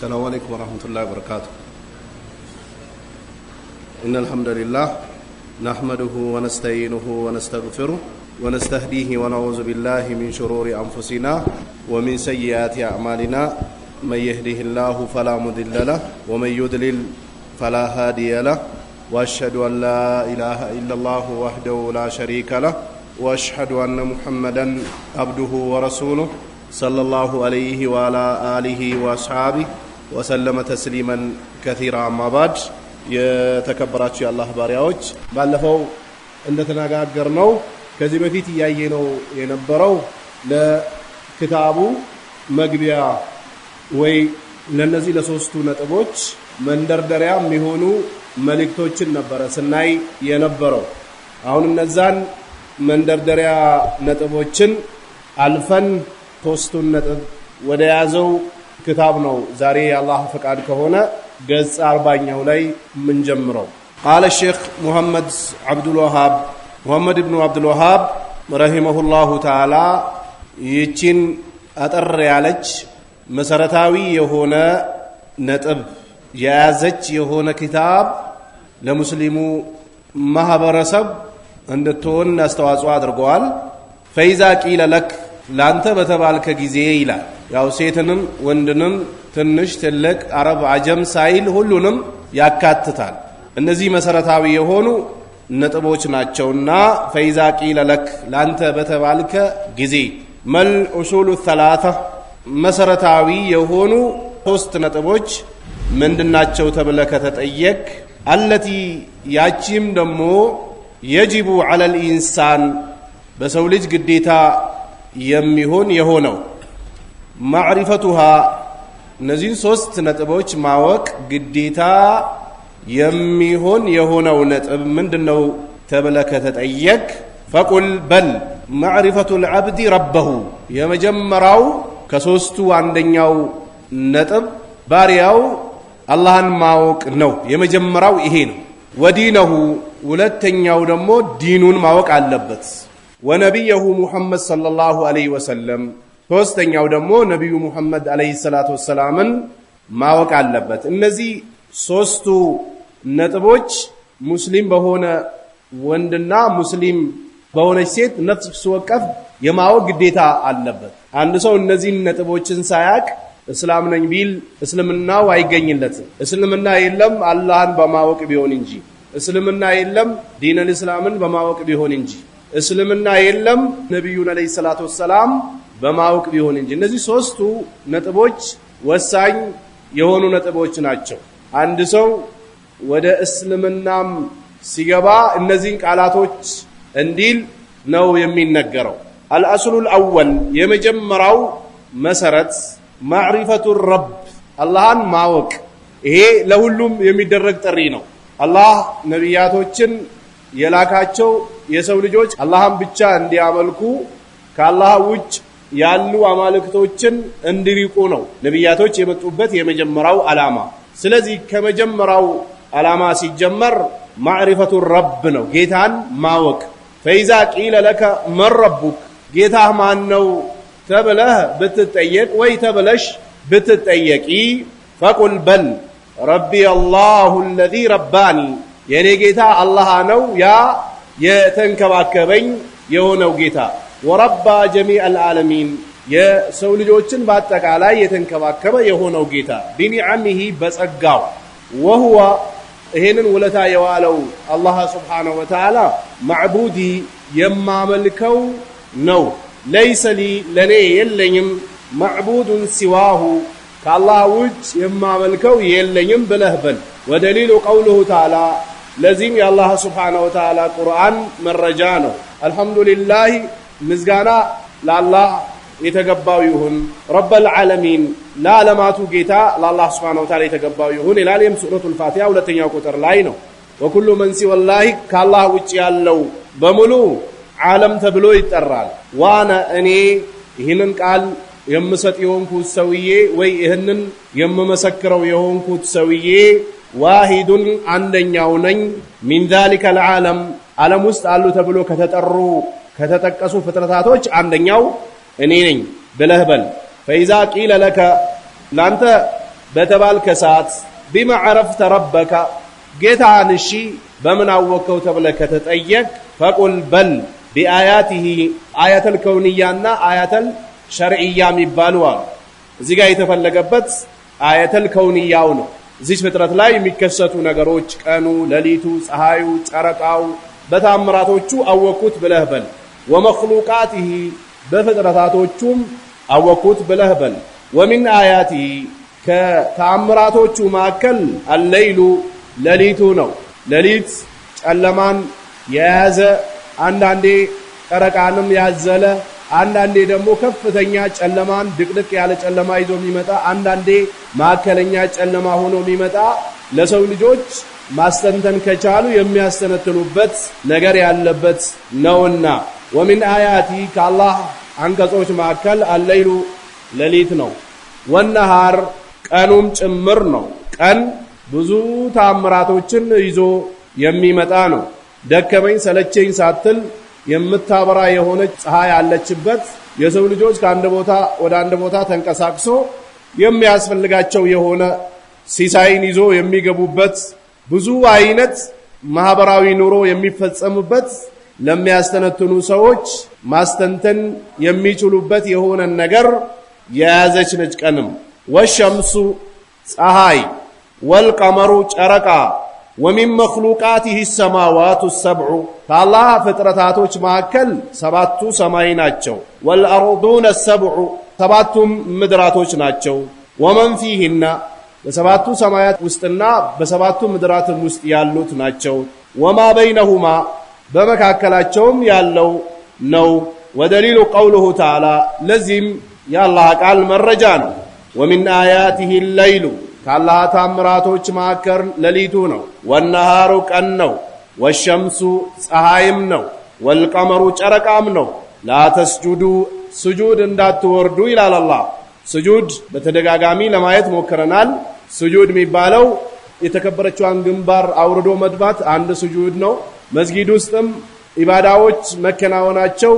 السلام عليكم ورحمة الله وبركاته إن الحمد لله نحمده ونستعينه ونستغفره ونستهديه ونعوذ بالله من شرور أنفسنا ومن سيئات أعمالنا من يهده الله فلا مضل له ومن يضلل فلا هادي له واشهد ان لا اله الا الله وحده لا شريك له واشهد ان محمدا عبده ورسوله صلى الله عليه وعلى اله واصحابه ወሰለመ ተስሊመን ከቲራ አማባድ የተከበራችሁ የአላህ ባሪያዎች ባለፈው እንደተነጋገር ነው ከዚህ በፊት እያየ ነው የነበረው ለክታቡ መግቢያ ወይ ለነዚህ ለሶስቱ ነጥቦች መንደርደሪያ የሚሆኑ መልእክቶችን ነበረ ስናይ የነበረው። አሁን እነዛን መንደርደሪያ ነጥቦችን አልፈን ሶስቱን ነጥብ ወደ ያዘው ክታብ ነው። ዛሬ የአላህ ፈቃድ ከሆነ ገጽ አርባኛው ላይ የምንጀምረው ቃለ ሼክ ሙሐመድ አብዱልወሃብ ሙሐመድ ብኑ አብዱልወሃብ ረሂመሁላሁ ተዓላ ይቺን አጠር ያለች መሰረታዊ የሆነ ነጥብ የያዘች የሆነ ኪታብ ለሙስሊሙ ማህበረሰብ እንድትሆን አስተዋጽኦ አድርገዋል። ፈይዛ ቂለ ለክ ለአንተ በተባልከ ጊዜ ይላል ያው ሴትንም ወንድንም ትንሽ ትልቅ አረብ አጀም ሳይል ሁሉንም ያካትታል። እነዚህ መሰረታዊ የሆኑ ነጥቦች ናቸውና ፈይዛ ቂለ ለክ ላንተ በተባልከ ጊዜ መል ኡሱሉ ሰላተ መሰረታዊ የሆኑ ሶስት ነጥቦች ምንድናቸው ተብለ ከተጠየቅ አለቲ ያቺም ደሞ የጅቡ አለል ኢንሳን በሰው ልጅ ግዴታ የሚሆን የሆነው ማዕሪፈቱሃ እነዚህን ሶስት ነጥቦች ማወቅ ግዴታ የሚሆን የሆነው ነጥብ ምንድን ነው ተብለ ከተጠየቅ ፈቁል በል ማዕሪፈቱ ልዓብዲ ረበሁ የመጀመሪያው ከሶስቱ አንደኛው ነጥብ ባሪያው አላህን ማወቅ ነው። የመጀመሪያው ይሄ ነው። ወዲነሁ ሁለተኛው ደግሞ ዲኑን ማወቅ አለበት። ወነቢየሁ ሙሐመድ ሰለላሁ ዐለይሂ ወሰለም ሶስተኛው ደግሞ ነቢዩ ሙሐመድ አለይሂ ሰላቱ ወሰላምን ማወቅ አለበት። እነዚህ ሶስቱ ነጥቦች ሙስሊም በሆነ ወንድና ሙስሊም በሆነች ሴት ነፍስ ወቀፍ የማወቅ ግዴታ አለበት። አንድ ሰው እነዚህን ነጥቦችን ሳያቅ እስላም ነኝ ቢል እስልምናው አይገኝለትም። እስልምና የለም አላህን በማወቅ ቢሆን እንጂ እስልምና የለም ዲነል እስላምን በማወቅ ቢሆን እንጂ እስልምና የለም ነቢዩን አለይሂ ሰላቱ ወሰላም በማወቅ ቢሆን እንጂ እነዚህ ሶስቱ ነጥቦች ወሳኝ የሆኑ ነጥቦች ናቸው። አንድ ሰው ወደ እስልምናም ሲገባ እነዚህን ቃላቶች እንዲል ነው የሚነገረው። አልአስሉል አወል የመጀመሪያው መሰረት ማዕሪፈቱ ረብ አላህን ማወቅ። ይሄ ለሁሉም የሚደረግ ጥሪ ነው። አላህ ነቢያቶችን የላካቸው የሰው ልጆች አላህን ብቻ እንዲያመልኩ ከአላህ ውጭ ያሉ አማልክቶችን እንዲሪቁ ነው ነቢያቶች የመጡበት የመጀመሪያው ዓላማ። ስለዚህ ከመጀመሪያው ዓላማ ሲጀመር ማዕሪፈቱ ረብ ነው፣ ጌታን ማወቅ። ፈይዛ ቂለ ለከ መን ረቡክ፣ ጌታህ ማን ነው ተብለህ ብትጠየቅ ወይ ተብለሽ ብትጠየቂ፣ ፈቁል በል ረቢ አላሁ አለዚ ረባኒ፣ የእኔ ጌታ አላህ ነው ያ የተንከባከበኝ የሆነው ጌታ ወረባ ጀሚዕ አልዓለሚን የሰው ልጆችን በአጠቃላይ የተንከባከበ የሆነው ጌታ ቢኒዓሚሂ በጸጋው ወህዋ ይሄንን ውለታ የዋለው አላህ ስብሓነሁ ወተዓላ ማዕቡዲ የማመልከው ነው። ለይሰ ሊ ለእኔ የለኝም ማዕቡዱን ሲዋሁ ከአላህ ውጭ የማመልከው የለኝም ብለህ በል። ወደሊሉ ቀውሉሁ ተዓላ ለዚህም የአላህ ስብሓነሁ ወተዓላ ቁርአን መረጃ ነው። አልሐምዱሊላህ ምዝጋና ለአላህ የተገባው ይሁን ረበል ዓለሚን ለዓለማቱ ጌታ ለአላህ ስብሓነሁ ወተዓላ የተገባው ይሁን ይላል። ይህም ሱረቱል ፋቲሃ ሁለተኛው ቁጥር ላይ ነው። ወኩሉ መን ሲወላሂ ከአላህ ውጭ ያለው በሙሉ ዓለም ተብሎ ይጠራል። ዋነ እኔ ይህንን ቃል የምሰጥ የሆንኩት ሰውዬ ወይ ይህንን የምመሰክረው የሆንኩት ሰውዬ ዋሂዱን አንደኛው ነኝ ሚን ዛሊከ ልዓለም ዓለም ውስጥ አሉ ተብሎ ከተጠሩ ከተጠቀሱ ፍጥረታቶች አንደኛው እኔ ነኝ ብለህ በል። ፈኢዛ ቂለ ለከ ላንተ በተባልከ ሰዓት ቢማ ዐረፍተ ረበከ ጌታህን እሺ በምን አወቅከው ተብለ ከተጠየቅ ፈቁል በል ቢአያቲሂ አያተል ከውንያና አያተል ሸርዕያ የሚባሉ አሉ። እዚህ ጋር የተፈለገበት አያተል ከውንያው ነው። እዚች ፍጥረት ላይ የሚከሰቱ ነገሮች ቀኑ፣ ሌሊቱ፣ ፀሐዩ፣ ጨረቃው በታምራቶቹ አወቅኩት ብለህ በል ወመክሉቃቲሂ በፍጥረታቶቹም አወኩት ብለህ በል። ወሚን አያቲሂ ከተአምራቶቹ መካከል አለይሉ ሌሊቱ ነው። ሌሊት ጨለማን የያዘ አንዳንዴ ጨረቃንም ያዘለ አንዳንዴ ደግሞ ከፍተኛ ጨለማን ድቅድቅ ያለ ጨለማ ይዞ የሚመጣ አንዳንዴ ማዕከለኛ ጨለማ ሆኖ የሚመጣ ለሰው ልጆች ማስተንተን ከቻሉ የሚያስተነትኑበት ነገር ያለበት ነውና ወሚን አያቲ ከአላህ አንቀጾች መካከል አለይሉ ሌሊት ነው። ወነሃር ቀኑም ጭምር ነው። ቀን ብዙ ታምራቶችን ይዞ የሚመጣ ነው። ደከመኝ ሰለቸኝ ሳትል የምታበራ የሆነች ፀሐይ አለችበት። የሰው ልጆች ከአንድ ቦታ ወደ አንድ ቦታ ተንቀሳቅሶ የሚያስፈልጋቸው የሆነ ሲሳይን ይዞ የሚገቡበት ብዙ አይነት ማህበራዊ ኑሮ የሚፈጸምበት ለሚያስተነትኑ ሰዎች ማስተንተን የሚችሉበት የሆነን ነገር የያዘች ነች። ቀንም ወሸምሱ ፀሐይ፣ ወልቀመሩ ጨረቃ፣ ወሚን መክሉቃትህ ሰማዋቱ ሰብዑ ከአላህ ፍጥረታቶች መካከል ሰባቱ ሰማይ ናቸው። ወልአርዱነ ሰብዑ ሰባቱም ምድራቶች ናቸው። ወመን ፊህና በሰባቱ ሰማያት ውስጥና በሰባቱ ምድራትም ውስጥ ያሉት ናቸው። ወማ በይነሁማ በመካከላቸውም ያለው ነው። ወደሊሉ ቀውልሁ ተዓላ ለዚህም የአላህ ቃል መረጃ ነው። ወሚን አያቲህ ለይሉ ከአላህ ታምራቶች መካከል ሌሊቱ ነው። ወነሃሩ ቀን ነው። ወሸምሱ ፀሐይም ነው። ወልቀመሩ ጨረቃም ነው። ላተስጁዱ ስጁድ እንዳትወርዱ ይላል አላህ። ስጁድ በተደጋጋሚ ለማየት ሞክረናል። ስጁድ የሚባለው የተከበረችዋን ግንባር አውርዶ መድባት አንድ ስጁድ ነው። መስጊድ ውስጥም ኢባዳዎች መከናወናቸው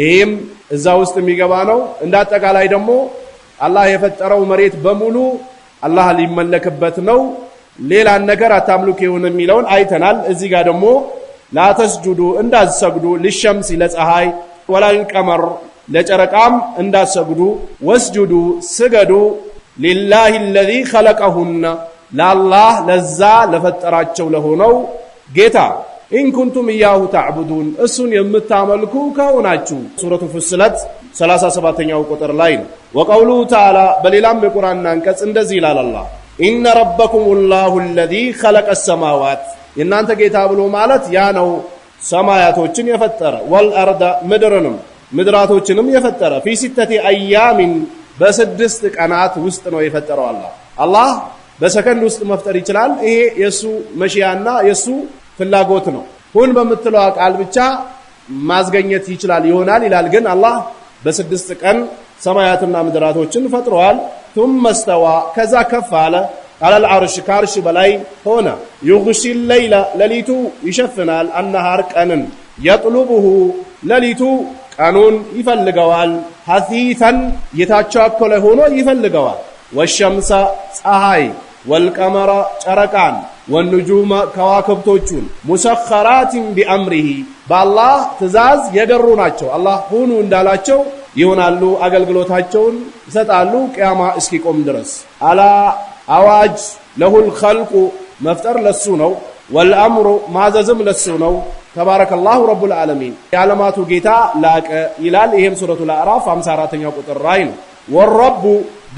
ይህም እዛ ውስጥ የሚገባ ነው። እንዳጠቃላይ አጠቃላይ ደግሞ አላህ የፈጠረው መሬት በሙሉ አላህ ሊመለክበት ነው። ሌላን ነገር አታምልክ ይሁን የሚለውን አይተናል። እዚህ ጋር ደግሞ ላተስጁዱ እንዳትሰግዱ ልሸምስ ለፀሐይ፣ ወላልቀመር ለጨረቃም እንዳትሰግዱ ወስጁዱ ስገዱ ሊላሂ አለዚ ኸለቀሁና ለአላህ ለዛ ለፈጠራቸው ለሆነው ጌታ ኢንኩንቱም ኩንቱም ኢያሁ ተዕቡዱን እሱን የምታመልኩ ከሆናችሁ ሱረቱ ፍስለት 37ኛው ቁጥር ላይ ነው። ወቀውሉ ተዓላ በሌላም የቁርአን አንቀጽ እንደዚህ ይላል አላህ ኢነ ረበኩም ላሁ ለዚ ኸለቀ ሰማዋት የእናንተ ጌታ ብሎ ማለት ያ ነው ሰማያቶችን የፈጠረ ወልአርዳ ምድርንም ምድራቶችንም የፈጠረ ፊ ሲተቲ አያሚን በስድስት ቀናት ውስጥ ነው የፈጠረው አላህ አላህ በሰከንድ ውስጥ መፍጠር ይችላል። ይሄ የእሱ መሽያና የእሱ ፍላጎት ነው። ሁን በምትለዋ ቃል ብቻ ማስገኘት ይችላል ይሆናል ይላል። ግን አላህ በስድስት ቀን ሰማያትና ምድራቶችን ፈጥሯል። ቱም መስተዋ ከዛ ከፍ አለ አለል አርሽ ከአርሽ በላይ ሆነ። ዩግሺ ለይለ ለሊቱ ይሸፍናል። አነሃር ቀንን የጥሉብሁ ለሊቱ ቀኑን ይፈልገዋል። ሐሲተን የታቻኮለ ሆኖ ይፈልገዋል። ወሸምሰ ፀሐይ ወልቀመረ ጨረቃን ወንጁመ ከዋክብቶቹን ሙሰኸራትን ቢአምሪሂ በአላህ ትእዛዝ የገሩ ናቸው። አላህ ሁኑ እንዳላቸው ይሆናሉ። አገልግሎታቸውን ይሰጣሉ ቅያማ እስኪቆም ድረስ። አላ አዋጅ ለሁል ኸልቁ መፍጠር ለሱ ነው። ወልአምሩ ማዘዝም ለሱ ነው። ተባረከላሁ ረቡል ዓለሚን የዓለማቱ ጌታ ላቀ ይላል። ይህም ሱረቱል አዕራፍ 54ኛው ቁጥር ላይ ነው። ወረቡ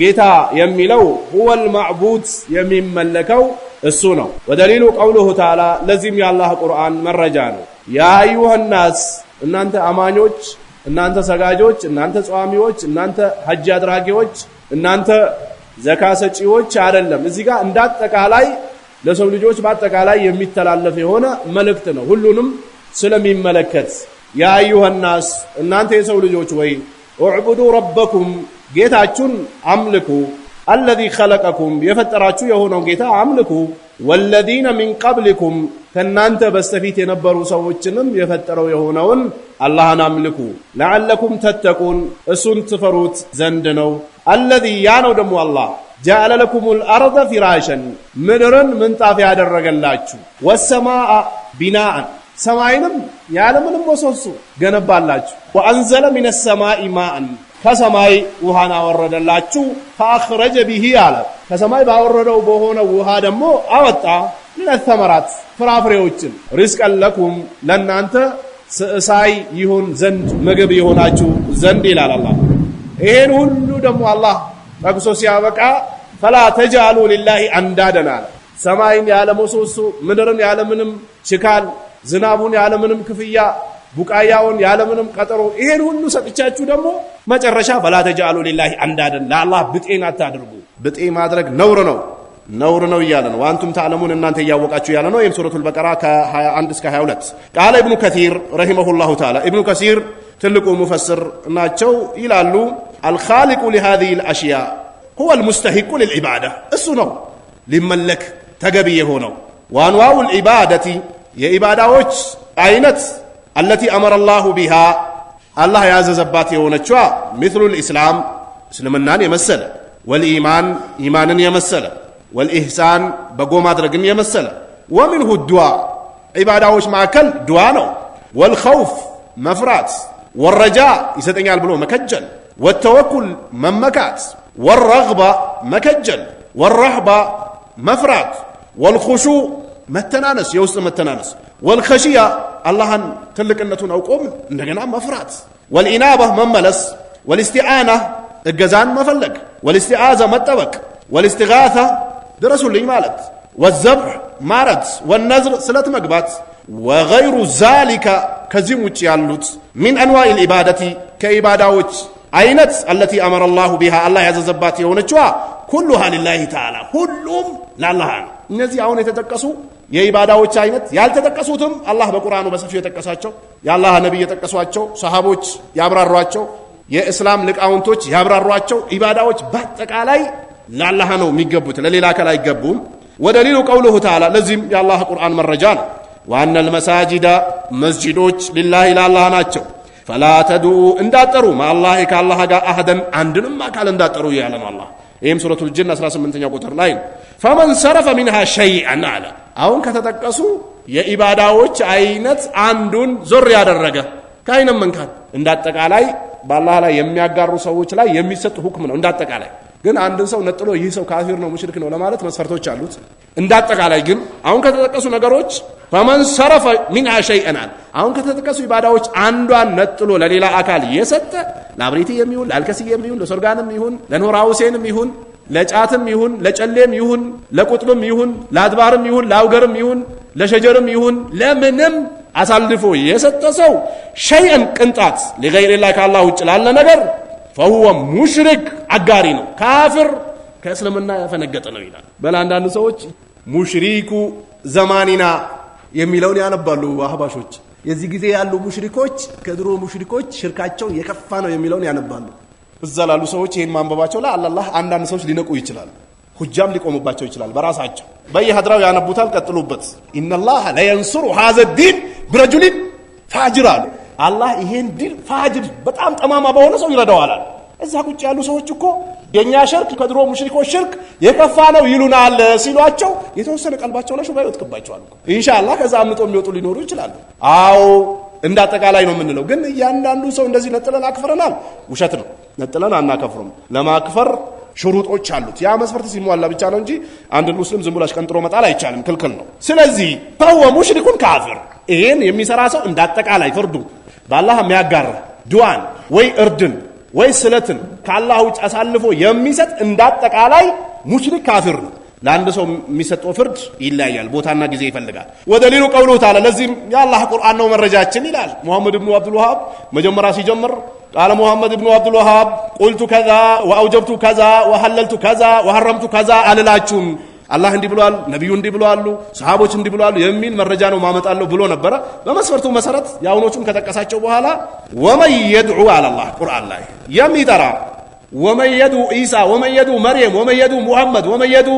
ጌታ የሚለው ሁወል ማዕቡድ የሚመለከው እሱ ነው። ወደሊሉ ቀውሉሁ ተዓላ ለዚህም የአላህ ቁርአን መረጃ ነው። ያ አዩሃናስ እናንተ አማኞች፣ እናንተ ሰጋጆች፣ እናንተ ጸዋሚዎች፣ እናንተ ሀጅ አድራጊዎች፣ እናንተ ዘካ ሰጪዎች አይደለም። እዚህ ጋር እንዳጠቃላይ ለሰው ልጆች በአጠቃላይ የሚተላለፍ የሆነ መልእክት ነው፣ ሁሉንም ስለሚመለከት። ያ አዩሃናስ እናንተ የሰው ልጆች ወይ እዕቡዱ ረበኩም ጌታችሁን አምልኩ አለዚ ኸለቀኩም የፈጠራችሁ የሆነው ጌታ አምልኩ፣ ወለዚነ ሚን ቀብሊኩም ከእናንተ በስተፊት የነበሩ ሰዎችንም የፈጠረው የሆነውን አላህን አምልኩ፣ ለዓለኩም ተተቁን እሱን ትፈሩት ዘንድ ነው። አለዚ ያ ነው ደግሞ አላህ ጀዐለ ለኩሙል አርደ ፊራሸን ምድርን ምንጣፍ ያደረገላችሁ፣ ወሰማአ ቢናአን ሰማይንም ያለምንም ምሰሶ ገነባላችሁ፣ ወአንዘለ ሚነ ሰማኢ ማአን ከሰማይ ውሃን አወረደላችሁ ፈአኽረጀ ቢሂ አለ። ከሰማይ ባወረደው በሆነ ውሃ ደግሞ አወጣ ለተመራት ፍራፍሬዎችን ሪዝቀን ለኩም ለእናንተ ስእሳይ ይሁን ዘንድ ምግብ የሆናችሁ ዘንድ ይላል አላህ። ይሄን ሁሉ ደግሞ አላህ ጠቅሶ ሲያበቃ ፈላ ተጃሉ ሊላሂ አንዳደን አለ። ሰማይን ያለ ምሰሶ ምድርን ያለምንም ሽካል ዝናቡን ያለምንም ክፍያ ቡቃያውን ያለምንም ቀጠሮ ይሄን ሁሉ ሰጥቻችሁ ደግሞ መጨረሻ በላተጃአሉ ሊላሂ አንዳደን ለአላህ ብጤን አታድርጉ። ብጤ ማድረግ ነውር ነው ነውር ነው እያለ ነው። ዋንቱም ታዕለሙን እናንተ እያወቃችሁ ያለ ነው። ይህም ሱረቱል በቀራ ከ21 እስከ 22 ቃለ ኢብኑ ከሲር ረሂመሁላሁ ተዓላ ኢብኑ ከሲር ትልቁ ሙፈስር ናቸው ይላሉ። አልኻሊቁ ሊሃዚህ ልአሽያ ሁወ ልሙስተሂቁ ልልዒባዳ እሱ ነው ሊመለክ ተገቢ የሆነው ዋንዋው ልዒባደቲ የዒባዳዎች አይነት አለቲ አመረ ላሁ ቢሃ አላህ ያዘዘባት የሆነችዋ ምስሉ ልእስላም እስልምናን የመሰለ ወልኢማን ኢማንን የመሰለ ወልኢሕሳን በጎ ማድረግን የመሰለ ወሚንሁ ዱዋ ዒባዳዎች ማዕከል ድዋ ነው። ወልኸውፍ መፍራት፣ ወረጃ ይሰጠኛል ብሎ መከጀል፣ ወተወኩል መመካት፣ ወረግባ መከጀል፣ ወረህባ መፍራት፣ ወልኹሹዕ መተናነስ የውስጥ መተናነስ ወልከሽያ አላህን ትልቅነቱን አውቆም እንደገና መፍራት ወልኢናባ መመለስ ወልስቲዓና እገዛን መፈለግ ወልስቲዓዘ መጠበቅ ወልስቲጋታ ድረሱልኝ ማለት ወዘብሕ ማረት ወነዝር ስለት መግባት ወገይሩ ዛሊከ ከዚህም ውጭ ያሉት ሚን አንዋኢ ልዒባደቲ ከኢባዳዎች አይነት አለቲ አመረ ላሁ ቢሃ አላህ ያዘዘባት የሆነችዋ ኩሉሃ ሊላሂ ተዓላ ሁሉም ለአላህ ነው እነዚህ አሁን የተጠቀሱ የኢባዳዎች አይነት ያልተጠቀሱትም አላህ በቁርአኑ በሰፊው የጠቀሳቸው የአላህ ነቢይ የጠቀሷቸው ሰሃቦች ያብራሯቸው የእስላም ልቃውንቶች ያብራሯቸው ኢባዳዎች በአጠቃላይ ለአላህ ነው የሚገቡት፣ ለሌላ አካል አይገቡም። ወደሊሉ ቀውሉሁ ተዓላ ለዚህም የአላህ ቁርአን መረጃ ነው። ዋነል መሳጂዳ መስጂዶች ሊላሂ ለአላህ ናቸው። ፈላ ተድኡ እንዳጠሩ ማአላህ ከአላህ ጋር አህደን አንድንም አካል እንዳጠሩ እያለ ነው አላህ። ይህም ሱረቱል ጅን 18ኛ ቁጥር ላይ ነው። ፈመን ሰረፈ ሚንሃ ሸይአን አለ አሁን ከተጠቀሱ የኢባዳዎች አይነት አንዱን ዞር ያደረገ ከአይነም መንካት እንዳጠቃላይ በአላህ ላይ የሚያጋሩ ሰዎች ላይ የሚሰጥ ሁክም ነው። እንዳጠቃላይ ግን አንድን ሰው ነጥሎ ይህ ሰው ካፊር ነው ሙሽሪክ ነው ለማለት መስፈርቶች አሉት። እንዳጠቃላይ ግን አሁን ከተጠቀሱ ነገሮች ፈመን ሰረፈ ሚንሃ ሸይአን አሁን ከተጠቀሱ ኢባዳዎች አንዷን ነጥሎ ለሌላ አካል የሰጠ ለአብሬቲ የሚሆን ለአልከስ የሚሆን ለሶርጋንም ይሁን ለኖራ ሁሴንም ይሁን ለጫትም ይሁን ለጨሌም ይሁን ለቁጥብም ይሁን ለአድባርም ይሁን ለአውገርም ይሁን ለሸጀርም ይሁን ለምንም አሳልፎ የሰጠ ሰው ሸይእን ቅንጣት ሊገይሪላህ ከአላ ውጭ ላለ ነገር ፈሁወ ሙሽሪክ አጋሪ ነው፣ ካፍር ከእስልምና ያፈነገጠ ነው ይላል። በላ አንዳንድ ሰዎች ሙሽሪኩ ዘማኒና የሚለውን ያነባሉ አህባሾች። የዚህ ጊዜ ያሉ ሙሽሪኮች ከድሮ ሙሽሪኮች ሽርካቸው የከፋ ነው የሚለውን ያነባሉ። እዛ ላሉ ሰዎች ይህን ማንበባቸው ላይ አላላህ አንዳንድ ሰዎች ሊነቁ ይችላል። ሁጃም ሊቆሙባቸው ይችላል። በራሳቸው በየሀድራው ያነቡታል። ቀጥሉበት። ኢነላህ ለየንሱሩ ሀዘ ዲን ብረጁሊን ፋጅር አሉ። አላህ ይሄን ዲን ፋጅር በጣም ጠማማ በሆነ ሰው ይረዳዋል። እዛ ቁጭ ያሉ ሰዎች እኮ የእኛ ሽርክ ከድሮ ሙሽሪኮች ሽርክ የከፋ ነው ይሉናል ሲሏቸው የተወሰነ ቀልባቸው ላይ ሹባ ይወጥቅባቸዋል። ኢንሻላህ ከዛ አምጦ የሚወጡ ሊኖሩ ይችላሉ። አዎ እንደ አጠቃላይ ነው የምንለው። ግን እያንዳንዱ ሰው እንደዚህ ነጥለን አክፍረናል፣ ውሸት ነው። ነጥለን አናከፍሩም። ለማክፈር ሽሩጦች አሉት። ያ መስፈርት ሲሟላ ብቻ ነው እንጂ አንድን ሙስሊም ዝም ብሎ አሽቀንጥሮ መጣል አይቻልም፣ ክልክል ነው። ስለዚህ ፈወ ሙሽሪኩን ካፍር፣ ይሄን የሚሰራ ሰው እንዳጠቃላይ ፍርዱ በአላህ የሚያጋራ ድዋን ወይ እርድን ወይ ስለትን ከአላህ ውጭ አሳልፎ የሚሰጥ እንዳጠቃላይ አጠቃላይ ሙሽሪክ ካፍር ነው። ለአንድ ሰው የሚሰጠው ፍርድ ይለያያል፣ ቦታና ጊዜ ይፈልጋል። ወደሊሉ ቀውሉሁ ተዓላ ለዚህም የአላህ ቁርአን ነው መረጃችን ይላል። ሙሐመድ ብኑ አብዱልዋሃብ መጀመሪያ ሲጀምር ቃለ ሙሐመድ ብኑ አብዱልዋሃብ ቁልቱ ከዛ ወአውጀብቱ ከዛ ወሐለልቱ ከዛ ወሐረምቱ ከዛ አልላችሁም አላህ እንዲህ ብሏል፣ ነቢዩ እንዲህ ብሏሉ፣ ሰሃቦች እንዲህ ብሏሉ የሚል መረጃ ነው ማመጣለሁ ብሎ ነበረ። በመስፈርቱ መሰረት የአሁኖቹን ከጠቀሳቸው በኋላ ወመን የድዑ አላላህ ቁርአን ላይ የሚጠራ ወመየዱ ኢሳ ወመየዱ መርየም ወመየዱ ሙሐመድ ወመየዱ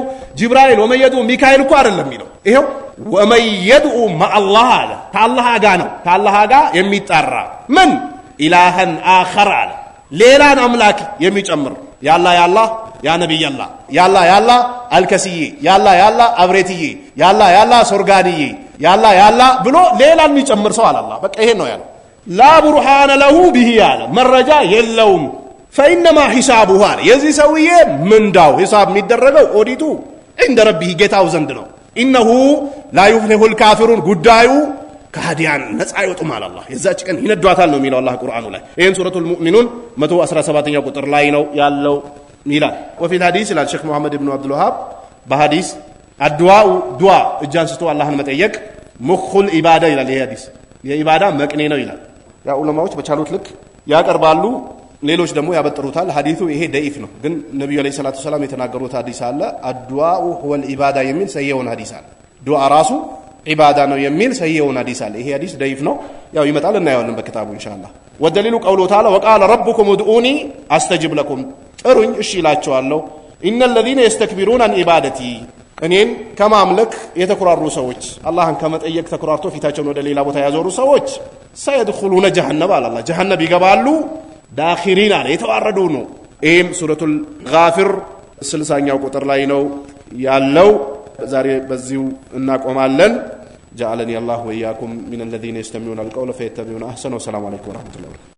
ጅብራኤል ወመየዱ ሚካኤል እኮ አይደለም የሚለው ይኸው ወመየድኡ ማአላህ አለ። ከአላህ ጋ ነው ከአላህ ጋ የሚጠራ ምን ኢላህን አኸር አለ ሌላን አምላክ የሚጨምር ያላ ያላ ያ ነቢይ ያላ ያላ ያላ አልከስዬ ያላ ያላ አብሬትዬ ያላ ያላ ሶርጋንዬ ያላ ያላ ብሎ ሌላን የሚጨምር ሰው አላላ በቃ ይሄን ነው ያለው። ላ ቡርሃነ ለሁ ብሂ አለ መረጃ የለውም ፈኢነማ ሂሳቡሁ አለ የዚህ ሰውዬ ምንዳው ሂሳብ የሚደረገው ኦዲቱ እንደ ረቢህ ጌታው ዘንድ ነው። ኢነሁ ላ ዩፍሊሁል ካፊሩን ጉዳዩ ከሃዲያን ነፃ አይወጡም አለ አላህ። የዛች ቀን ይነዷታል ነው የሚለው አላህ ቁርአኑ ላይ። ይህን ሱረቱል ሙእሚኑን 117ኛ ቁጥር ላይ ነው ያለው ይላል። ወፊል ሀዲስ ይላል ሼክ መሐመድ ብኑ አብዱልውሃብ በሀዲስ አድዋው ዱዋ እጅ አንስቶ አላህን መጠየቅ ሙኹል ኢባዳ ይላል። ይሄ ሀዲስ የኢባዳ መቅኔ ነው ይላል። ያ ዑለማዎች በቻሉት ልክ ያቀርባሉ። ሌሎች ደግሞ ያበጥሩታል። ሀዲቱ ይሄ ደኢፍ ነው፣ ግን ነቢዩ ዓለይሂ ሰላቱ ሰላም የተናገሩት ሀዲስ አለ። አድዋኡ ወል ኢባዳ የሚል ሰየውን ሀዲስ አለ። ዱዓ ራሱ ኢባዳ ነው የሚል ሰየውን ሀዲስ አለ። ይሄ ሀዲስ ደኢፍ ነው፣ ያው ይመጣል፣ እናየዋለን በክታቡ ኢንሻአላህ። ወደሊሉ ቀውሉ ተዓላ ወቃለ ረቡኩም ድኡኒ አስተጅብ ለኩም፣ ጥሩኝ እሺ ይላቸዋለሁ። ኢነ ለዚነ የስተክቢሩን አን ኢባደቲ፣ እኔን ከማምለክ የተኩራሩ ሰዎች፣ አላህን ከመጠየቅ ተኩራርቶ ፊታቸውን ወደ ሌላ ቦታ ያዞሩ ሰዎች ሰየድኹሉነ ጀሀነብ አላላ፣ ጀሀነብ ይገባሉ ዳኪሪን አለ የተዋረዱ ነው። ይህም ሱረቱል ጋፊር ስልሳኛው ቁጥር ላይ ነው ያለው። ዛሬ በዚሁ እናቆማለን። ጃአለኒ አላህ ወኢያኩም ሚን አለዚነ የስተሚዑነ አልቀውለ ፈየተቢዑነ አሕሰነ። ወሰላሙ አለይኩም ወረሕመቱላሂ